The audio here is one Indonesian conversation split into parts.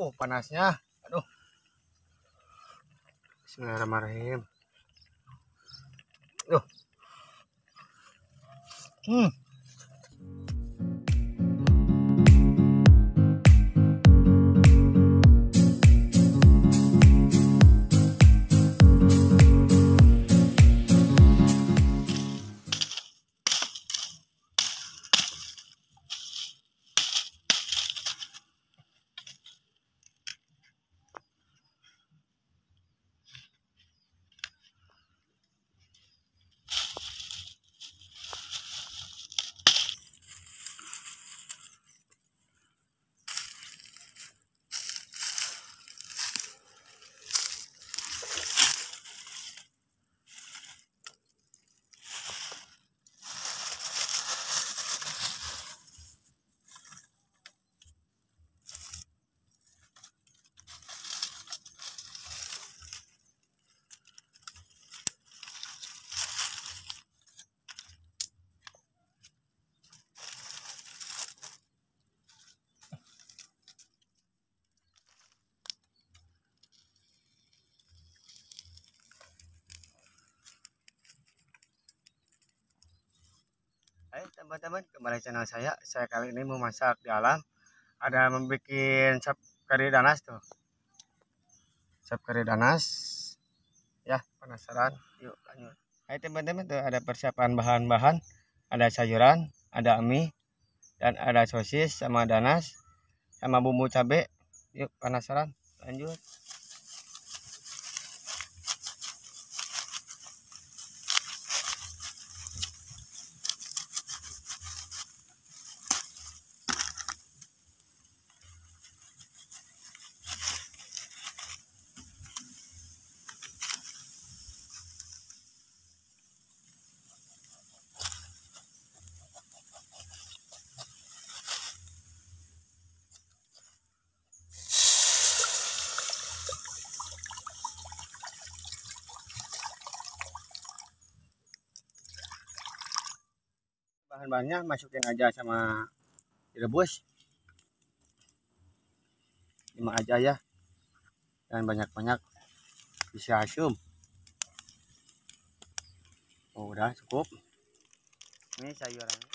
Uh, panasnya. Aduh. Bismillahirrahmanirrahim. aduh Hmm. teman-teman kembali channel saya saya kali ini mau masak di alam ada membuat sap kari danas tuh sap kari danas ya penasaran yuk lanjut hai teman-teman tuh ada persiapan bahan-bahan ada sayuran ada mie dan ada sosis sama danas sama bumbu cabe yuk penasaran lanjut bahan bahannya masukin aja sama direbus lima aja ya dan banyak-banyak bisa asum oh, udah cukup ini sayurannya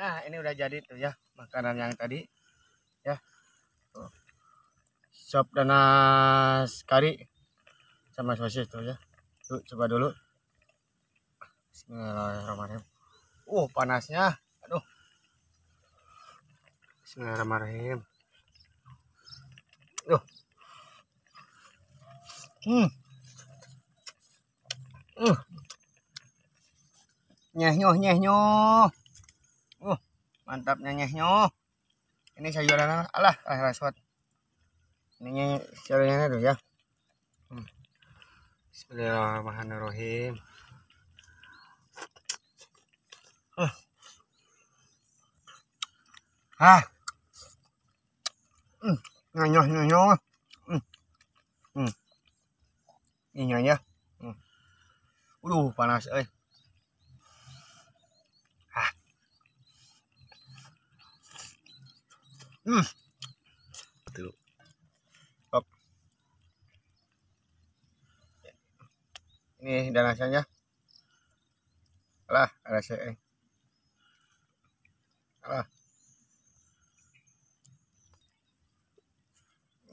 Nah, ini udah jadi tuh ya makanan yang tadi. Ya. Sop danas kari sama sosis tuh ya. Tuh coba dulu. Bismillahirrahmanirrahim. Uh, panasnya. Aduh. Bismillahirrahmanirrahim. Duh. Hmm. uh Nyeh nyoh nyeh nyoh mantap nyenyehnya oh. ini sayuran alah alah raswat ini sayurannya tuh ya hmm. Bismillahirrahmanirrahim uh. ah hmm. nyenyeh nyenyeh oh. hmm. hmm. ini aja hmm. panas eh Hmm. Betul. op, Ini dan rasanya. Alah, ada saya. Eh. Alah.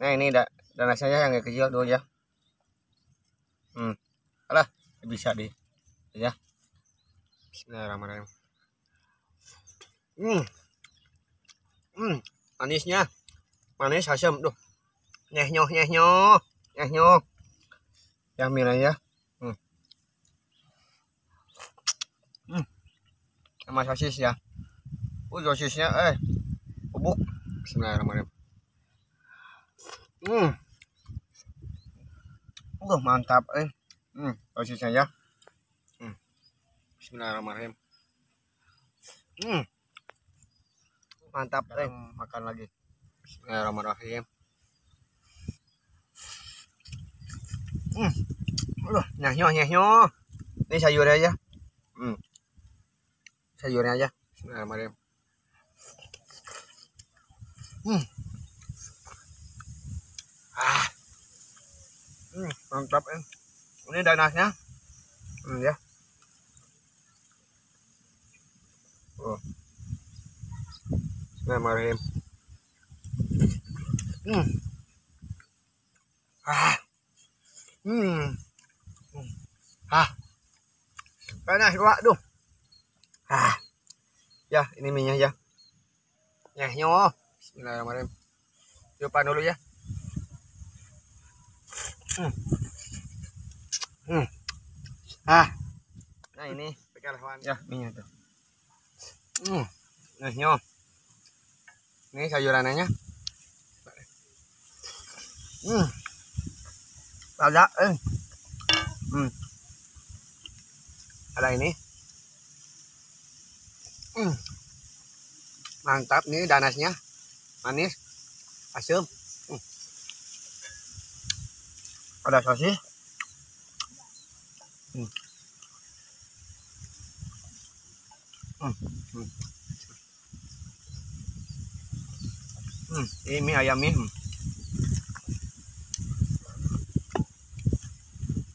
Nah ini da dan rasanya yang kecil dulu ya. Hmm. Alah, bisa di, Ya. Bismillahirrahmanirrahim. Hmm manisnya manis asam tuh nyeh nyoh nyeh nyoh nyeh nyoh yang milih ya hmm. hmm. sama sosis ya uh sosisnya eh bubuk Bismillahirrahmanirrahim hmm uh mantap eh hmm sosisnya ya hmm. Bismillahirrahmanirrahim hmm mantap Sekarang eh. makan lagi Bismillahirrahmanirrahim hmm Aduh, nyahnyo nyahnyo ini sayurnya aja hmm. sayurnya aja Bismillahirrahmanirrahim hmm ah hmm, mantap eh. ini danasnya hmm, ya yeah. Bismillahirrahmanirrahim. Hmm. Ah. Hmm. Ah. Panas pak tu. Ah. Ya, ini minyak ya. Ya, nyo. Bismillahirrahmanirrahim. Coba dulu ya. Hmm. Hmm. Ah. Nah, ini pekerjaan. Ya, minyak tu. Hmm. Nah, nyo ini sayurannya. Hmm. Ada eh. Hmm. Ada ini. Hmm. Mantap nih danasnya. Manis. Asam. Hmm. Ada sosis. Hmm. Hmm. hmm. Hmm, ini mie ayam mie.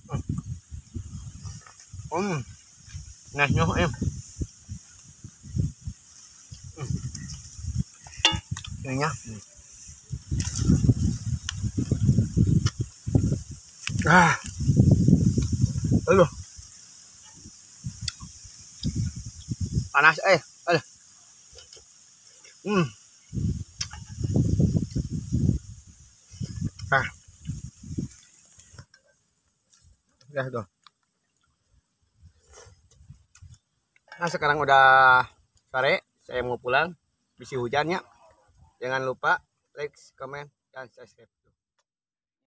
Hmm. Hmm. Nah, nyoh em. Eh. Hmm. Ini ya. Hmm. Ah. Aduh. Panas eh. Aduh. Hmm. nah udah tuh nah sekarang udah sore saya mau pulang bisi hujannya jangan lupa like comment dan subscribe